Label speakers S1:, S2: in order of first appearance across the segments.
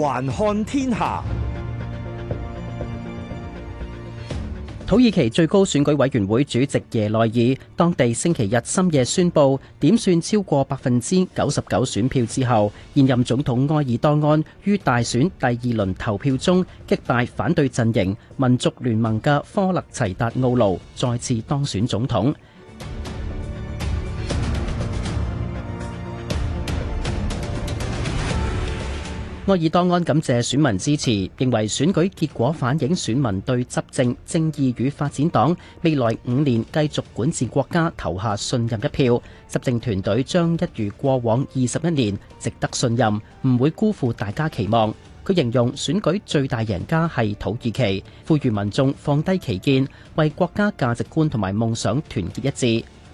S1: 環看天下，土耳其最高選舉委員會主席耶內爾當地星期日深夜宣布，點算超過百分之九十九選票之後，現任總統埃爾多安於大選第二輪投票中擊敗反對陣營民族聯盟嘅科勒齊達奧盧再次當選總統。埃爾多安感謝選民支持，認為選舉結果反映選民對執政正義與發展黨未來五年繼續管治國家投下信任一票。執政團隊將一如過往二十一年，值得信任，唔會辜負大家期望。佢形容選舉最大贏家係土耳其，呼籲民眾放低歧見，為國家價值觀同埋夢想團結一致。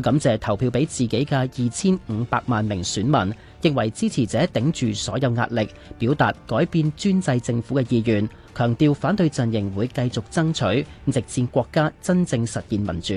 S1: 感謝投票俾自己嘅二千五百萬名選民，認為支持者頂住所有壓力，表達改變專制政府嘅意願，強調反對陣營會繼續爭取，直至國家真正實現民主。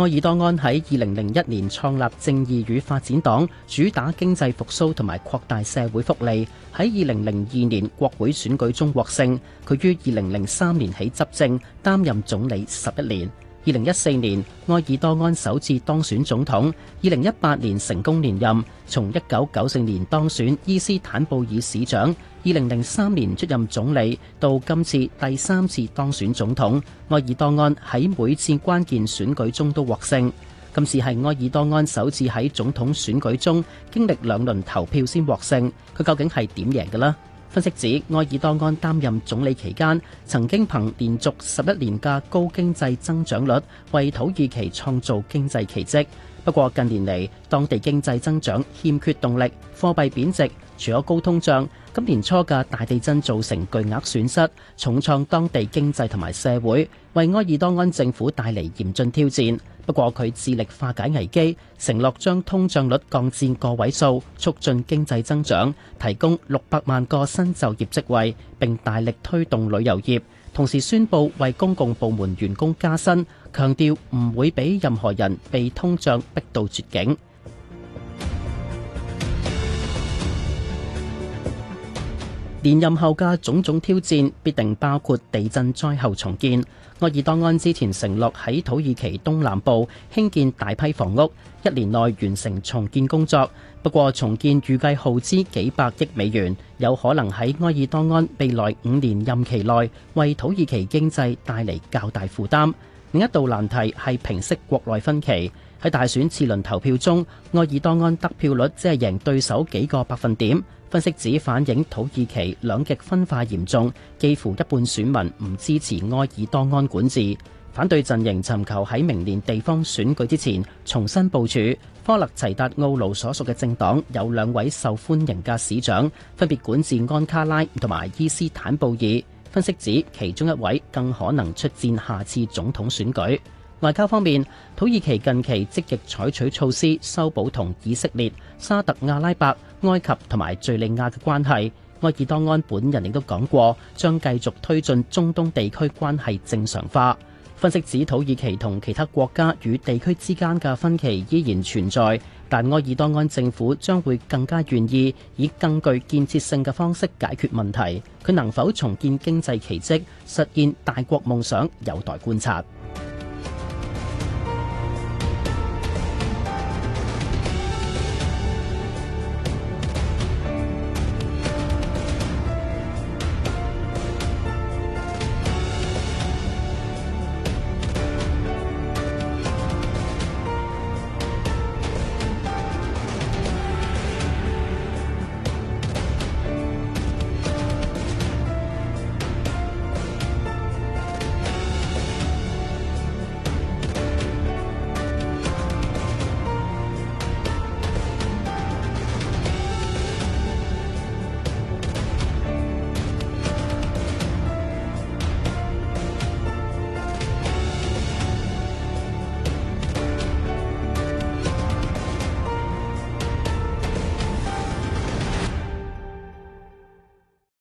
S1: 埃爾多安喺二零零一年創立正義與發展黨，主打經濟復甦同埋擴大社會福利。喺二零零二年國會選舉中獲勝，佢於二零零三年起執政，擔任總理十一年。2014年，埃爾多安首次當選總統 ,2018 年成功連任，從1994年當選伊斯坦布爾市長 ,2003 年出任總理，到今次第三次當選總統，埃爾多安喺每次關鍵選舉中都獲勝。今次係埃爾多安首次喺總統選舉中經歷兩輪投票先獲勝。佢究竟係點贏嘅咧？分析指，埃爾多安擔任總理期間，曾經憑連續十一年嘅高經濟增長率，為土耳其創造經濟奇蹟。不過近年嚟，當地經濟增長欠缺動力，貨幣貶值，除咗高通脹，今年初嘅大地震造成巨額損失，重創當地經濟同埋社會，為埃爾多安政府帶嚟嚴峻挑戰。不過佢致力化解危機，承諾將通脹率降至個位數，促進經濟增長，提供六百萬個新就業職位，並大力推動旅遊業。同時宣佈為公共部門員工加薪，強調唔會俾任何人被通脹逼到絕境。連任後嘅種種挑戰必定包括地震災後重建。埃爾多安之前承諾喺土耳其東南部興建大批房屋，一年內完成重建工作。不過，重建預計耗資幾百億美元，有可能喺埃爾多安未來五年任期內為土耳其經濟帶嚟較大負擔。另一道難題係平息國內分歧。喺大選次輪投票中，埃爾多安得票率只係贏對手幾個百分點。分析指反映土耳其兩極分化嚴重，幾乎一半選民唔支持埃爾多安管治。反對陣營尋求喺明年地方選舉之前重新部署。科勒齊達奧盧所屬嘅政黨有兩位受歡迎嘅市長，分別管治安卡拉同埋伊斯坦布爾。分析指其中一位更可能出戰下次總統選舉。外交方面，土耳其近期積極採取措施修補同以色列、沙特阿拉伯、埃及同埋敘利亞嘅關係，埃爾多安本人亦都講過將繼續推進中東地區關係正常化。分析指，土耳其同其他國家與地區之間嘅分歧依然存在，但埃爾多安政府將會更加願意以更具建設性嘅方式解決問題，佢能否重建經濟奇蹟，實現大國夢想，有待觀察。